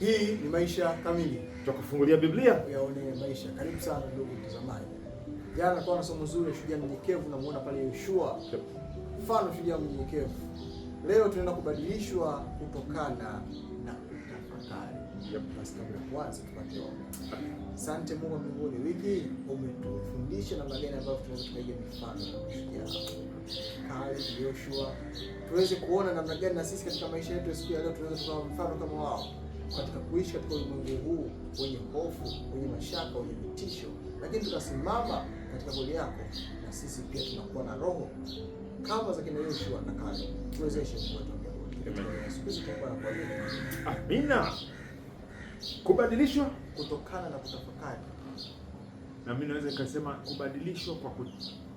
Hii ni Maisha Kamili, tutakufungulia Biblia yaone maisha. Karibu sana ndugu mtazamaji. Jana kwa somo zuri shujaa mnyenyekevu, namuona pale Yoshua mfano shujaa mnyenyekevu. Leo tunaenda kubadilishwa kutokana na kutafakari. Basi kabla ya kwanza, tupate ombi. Asante Mungu wa mbinguni, wiki umetufundisha namna gani ambavyo tunaweza tukaiga mifano ya mashujaa Yoshua, tuweze kuona namna gani na sisi katika maisha yetu siku ya leo tunaweza kuwa mfano kama wao katika kuishi katika ulimwengu huu wenye hofu, wenye mashaka, wenye vitisho, lakini tunasimama katika goli yako, na sisi pia tunakuwa na roho kama za kina Yoshua na Kale. Tuwezeshe amina, kubadilishwa kutokana na kutafakari, na mimi naweza nikasema kubadilishwa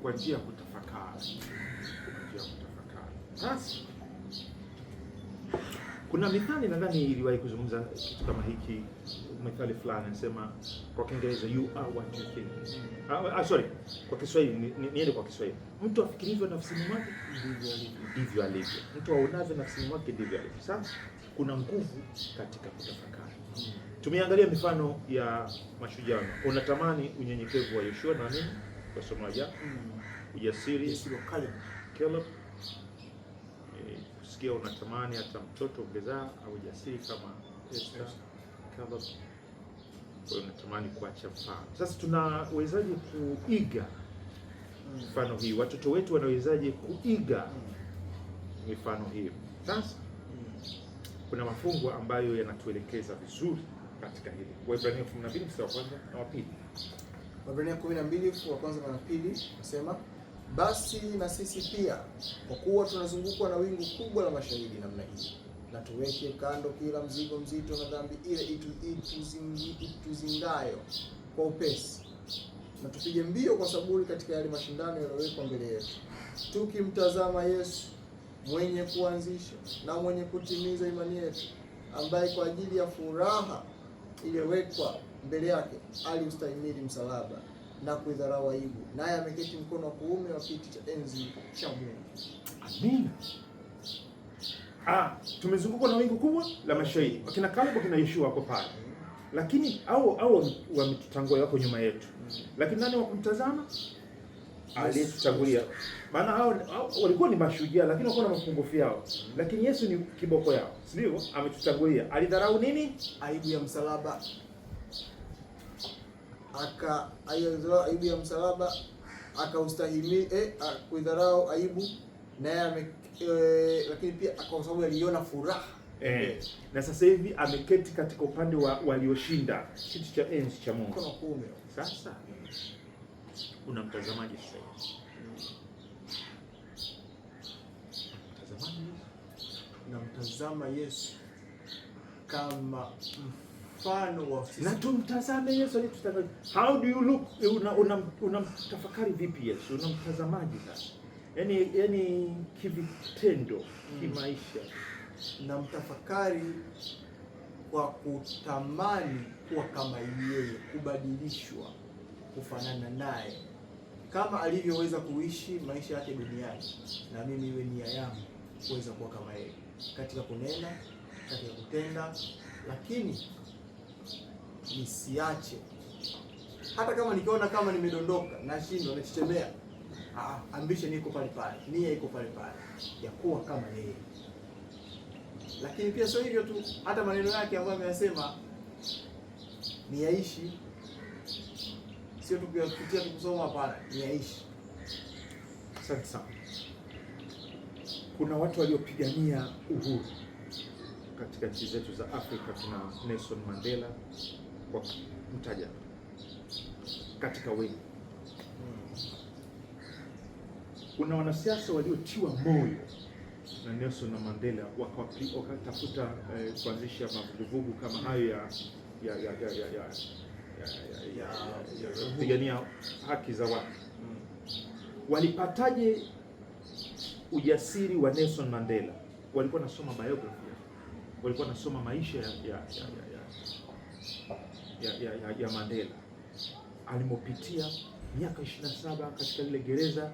kwa njia ya kutafakari, kwa njia ya kutafakari sasa kuna mithali nadhani iliwahi kuzungumza kitu kama hiki, mithali fulani nasema kwa Kiingereza you are what you think. Ah, ah, sorry, kwa Kiswahili niende ni, ni kwa Kiswahili, mtu afikirivyo nafsini mwake ndivyo alivyo, mtu aonavyo nafsini mwake ndivyo alivyo. Sasa kuna nguvu katika kutafakari. Tumeangalia mifano ya mashujaa. Unatamani unyenyekevu wa Yoshua na nini wasomaji, mm. ujasiri Caleb kusikia unatamani hata mtoto ungezaa au jasiri kama Esther kama kwa hiyo unatamani kuacha mfano. Sasa tunawezaje kuiga mfano hii? Watoto wetu wanawezaje kuiga mifano hiyo? Sasa kuna mafungu ambayo yanatuelekeza vizuri katika hili. Waebrania 12 mstari wa kwanza na wa pili. Waebrania 12 mstari wa kwanza na wa pili nasema basi na sisi pia, kwa kuwa tunazungukwa na wingu kubwa la mashahidi namna hii, na tuweke kando kila mzigo mzito na dhambi ile ituzingayo kwa upesi, na tupige mbio kwa saburi katika yale mashindano yaliyowekwa mbele yetu, tukimtazama Yesu mwenye kuanzisha na mwenye kutimiza imani yetu, ambaye kwa ajili ya furaha iliyowekwa mbele yake aliustahimili msalaba na kuidharau aibu, naye ameketi mkono wa kuume wa kiti cha enzi cha Mungu. Amina. Ah, tumezungukwa na wingu kubwa la mashahidi, wakina Kalebu, wakina Yoshua wako pale, mm-hmm. lakini au au wametutangulia, wako nyuma yetu, mm-hmm. lakini nani wa kumtazama aliyetutangulia? Maana hao walikuwa ni mashujaa, lakini walikuwa na mapungufu yao, mm-hmm. lakini Yesu ni kiboko yao, sivyo? Ametutangulia, alidharau nini? Aibu ya msalaba aka akaidharau aibu ya msalaba akaustahimili, eh, kuidharau aibu naye e, lakini pia kwa sababu aliona furaha eh, eh. Na sasa hivi ameketi katika upande wa walioshinda kiti cha enzi cha Mungu. Sasa unamtazamaje sasa hivi? Namtazama Yesu kama mf mfano wa sisi. Na tumtazame Yesu aliyetutangulia. How do you look? Unamtafakari vipi Yesu? Unamtazamaje sasa? Yaani, yaani kivitendo, mm. na mtafakari kwa kutamani kuwa kama yeye, kubadilishwa, kufanana naye kama alivyoweza kuishi maisha yake duniani, na mimi iwe nia yangu kuweza kuwa kama yeye katika kunena, katika kutenda, lakini nisiache, hata kama nikiona kama nimedondoka nashindwa, nachechemea, ambition ah, iko pale pale, nia iko pale pale ya kuwa kama yeye. Lakini pia sio hivyo tu, hata maneno yake ambayo ameyasema ni yaishi, sio tu kuyapitia kusoma, hapana, ni yaishi. Asante sana. Kuna watu waliopigania uhuru katika nchi zetu za Afrika. Tuna Nelson Mandela kwa kumtaja katika wengi. Kuna wanasiasa waliotiwa moyo na Nelson na Mandela wakatafuta eh, kuanzisha mavuguvugu kama hayo ya ya ya ya ya ya kupigania haki za watu. Walipataje ujasiri wa Nelson Mandela? Walikuwa nasoma biografia, walikuwa nasoma maisha ya, ya, ya, ya ya, ya, ya, ya Mandela alimopitia miaka 27 katika lile gereza,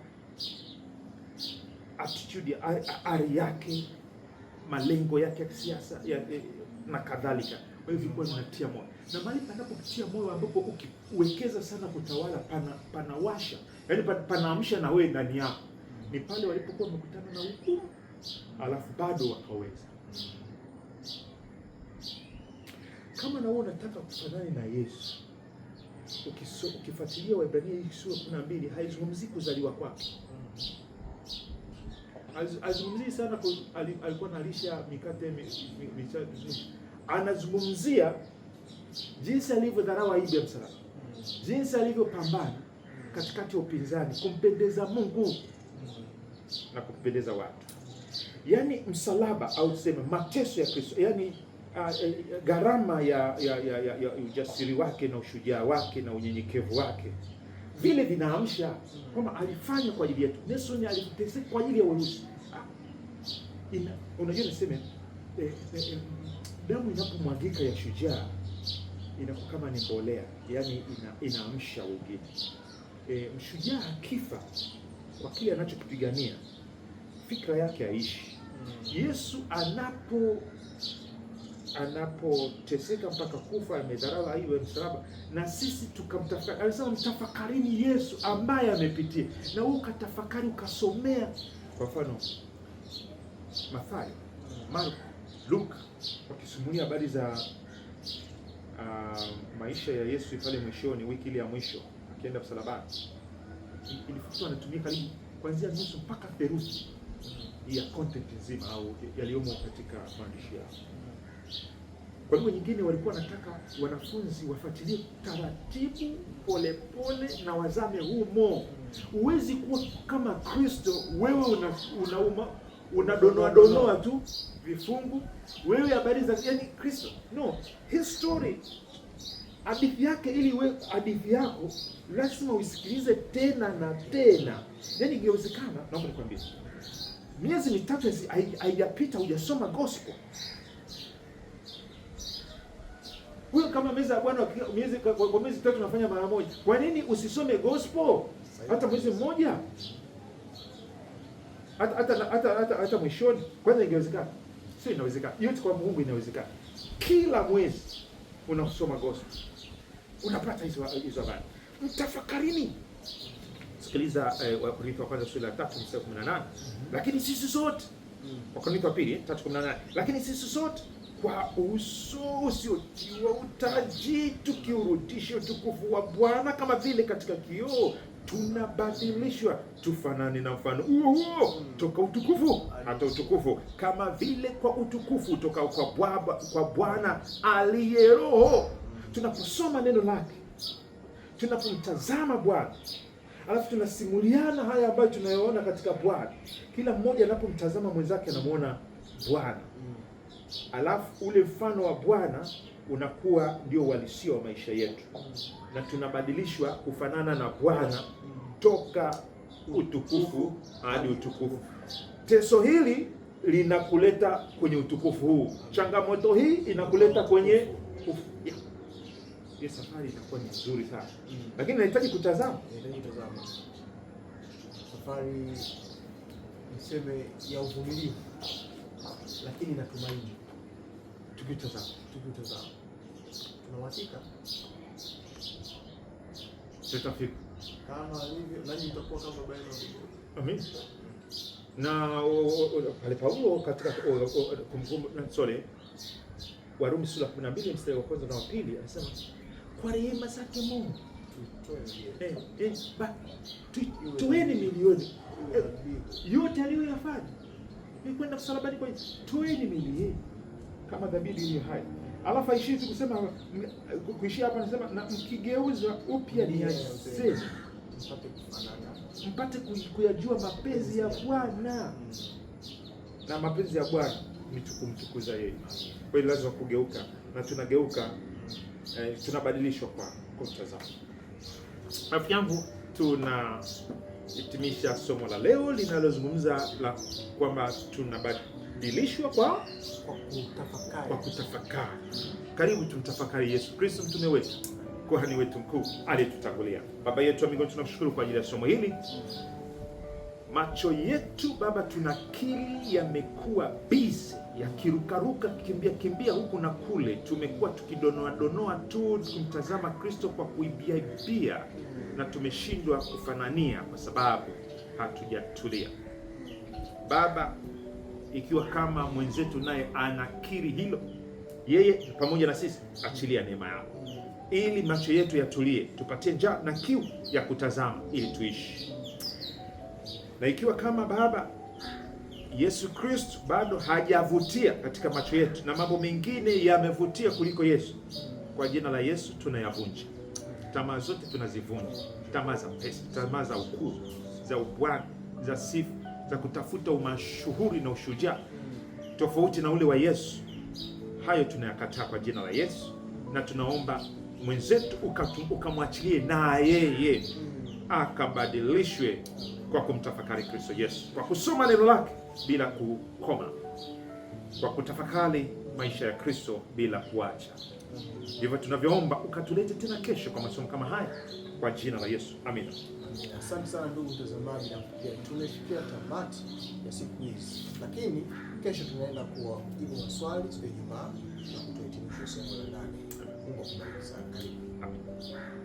attitude ya ari yake, malengo yake ya kisiasa ya, na kadhalika. Kwa hiyo kwa ninatia moyo na mahali panapokutia moyo ambapo ukiwekeza sana kutawala, pana panawasha, yani panaamsha na wewe ndani yako, ni pale walipokuwa wamekutana na hukumu, alafu bado wakaweza kama na wewe unataka kufanana na Yesu, ukifuatilia Waebrania hii sura kumi na mbili haizungumzii kuzaliwa kwake, hazungumzii sana, alikuwa analisha mikate anazungumzia jinsi alivyodharau aibu ya msalaba, jinsi alivyopambana katikati ya upinzani kumpendeza Mungu na kumpendeza watu, yaani msalaba au tuseme mateso ya Kristo, yaani Ah, eh, eh, gharama ya ya, ya, ya ya ujasiri wake na ushujaa wake na unyenyekevu wake vile vinaamsha kwamba alifanya kwa ajili yetu. Nelson aliteseka kwa ajili ya Warusi. Ah, unajua, niseme eh, eh, eh, damu inapomwagika ya shujaa inakuwa kama ni mbolea, yani ina, inaamsha wengine. Eh, mshujaa akifa kwa kile anachokipigania fikra yake haishi. Mm. Yesu anapo anapoteseka mpaka kufa, amedharau aibu ya msalaba, na sisi tukamtafakari. Anasema mtafakarini Yesu ambaye amepitia, na wewe ukatafakari ukasomea, kwa mfano Mathayo, Marko, Luka, wakisimulia habari za uh, maisha ya Yesu pale mwishoni, wiki ile ya mwisho akienda msalabani, ilifutwa anatumia karibu kuanzia nusu mpaka theruthi ya content nzima au yaliyomo katika maandishi yao. Kwa lugha nyingine, walikuwa wanataka wanafunzi wafuatilie taratibu, polepole na wazame humo. Huwezi kuwa kama Kristo, wewe una, una, donoa tu vifungu, wewe habari za yani Kristo no, history hadithi yake, ili we hadithi yako lazima uisikilize tena na tena. yani ingewezekana, naomba nikwambie, miezi mitatu haijapita hujasoma gospel huyo kama meza ya Bwana miezi kwa miezi tatu unafanya mara moja, kwa nini usisome gospel hata mwezi mmoja, hata hata hata hata, hata mwishoni? Kwanza ingewezekana? Sio, inawezekana. Yote kwa Mungu inawezekana. Kila mwezi unasoma gospel, unapata hizo hizo habari. Mtafakarini. Sikiliza eh, Wakorintho wa kwanza sura ya 3 mstari 18. Mhm. Lakini sisi sote mm. Wakorintho wa pili 3:18. Lakini sisi sote kwa uso usiotiwa utaji, tukiurudisha utukufu wa Bwana kama vile katika kioo tunabadilishwa tufanane na mfano huo huo toka utukufu hata utukufu, kama vile kwa utukufu toka kwa Baba, kwa Bwana aliye Roho. Tunaposoma neno lake, tunapomtazama Bwana alafu tunasimuliana haya ambayo tunayoona katika Bwana, kila mmoja anapomtazama mwenzake anamwona Bwana alafu ule mfano wa Bwana unakuwa ndio walisio wa maisha yetu, na tunabadilishwa kufanana na Bwana toka utukufu hadi utukufu. Teso hili linakuleta kwenye utukufu huu, changamoto hii inakuleta kwenye hiyo safari itakuwa ni nzuri sana mm. Lakini nahitaji kutazama, nahitaji kutazama safari niseme ya uvumilivu, lakini natumaini tukitazama tukitazama, tuna tutafika kama alivyo, nanyi mtakuwa kama baba yenu. Amin. Na pale Paulo katika sorry, Warumi sura 12 mstari wa kwanza na wa pili anasema kwa rehema zake Mungu eh, eh milioni yote aliyoyafanya ni kwenda msalabani kwa tueni milioni kama dhamiri iliyo hai. Alafu aishii tu kusema kuishia hapa, anasema na mkigeuza upya nia zenu mpate kuyajua mapenzi ya Bwana hmm. na mapenzi ya Bwana ni kumtukuza yeye. Kwa hiyo lazima kugeuka, na tunageuka eh, tunabadilishwa kwa kwa mtazamo. Rafiki yangu, tunahitimisha somo la leo linalozungumza la kwamba tunabadilishwa kubadilishwa kwa kwa kutafakari. Karibu tumtafakari Yesu Kristo mtume wetu, kuhani wetu mkuu aliyetutangulia. Baba yetu wa mbinguni, tunakushukuru kwa ajili ya somo hili. Macho yetu Baba, tunakiri yamekuwa bizi yakirukaruka kimbia kimbia huku na kule. Tumekuwa tukidonoa donoa tu kumtazama Kristo kwa kuibiaibia, na tumeshindwa kufanania kwa sababu hatujatulia Baba ikiwa kama mwenzetu naye anakiri hilo, yeye pamoja na sisi, achilia neema yako ili macho yetu yatulie, tupatie njaa na kiu ya kutazama ili tuishi. Na ikiwa kama Baba Yesu Kristo bado hajavutia katika macho yetu na mambo mengine yamevutia kuliko Yesu, kwa jina la Yesu tunayavunja tamaa zote, tunazivunja tamaa za pesa, tamaa za ukuu, za ubwana, za sifa za kutafuta umashuhuri na ushujaa tofauti na ule wa Yesu. Hayo tunayakataa kwa jina la Yesu, na tunaomba mwenzetu ukamwachilie na yeye akabadilishwe kwa kumtafakari Kristo Yesu, kwa kusoma neno lake bila kukoma kwa kutafakari maisha ya Kristo bila kuacha. Ndivyo tunavyoomba ukatulete tena kesho kwa masomo kama haya kwa jina la Yesu, amina. Asante sana ndugu mtazamaji na mfikia, tumefikia tamati ya siku hizi, lakini kesho tunaenda kuwa kujibu maswali siku ya Ijumaa na kutoa hitimisho somo la nane. Mungu akubariki sana. Karibu.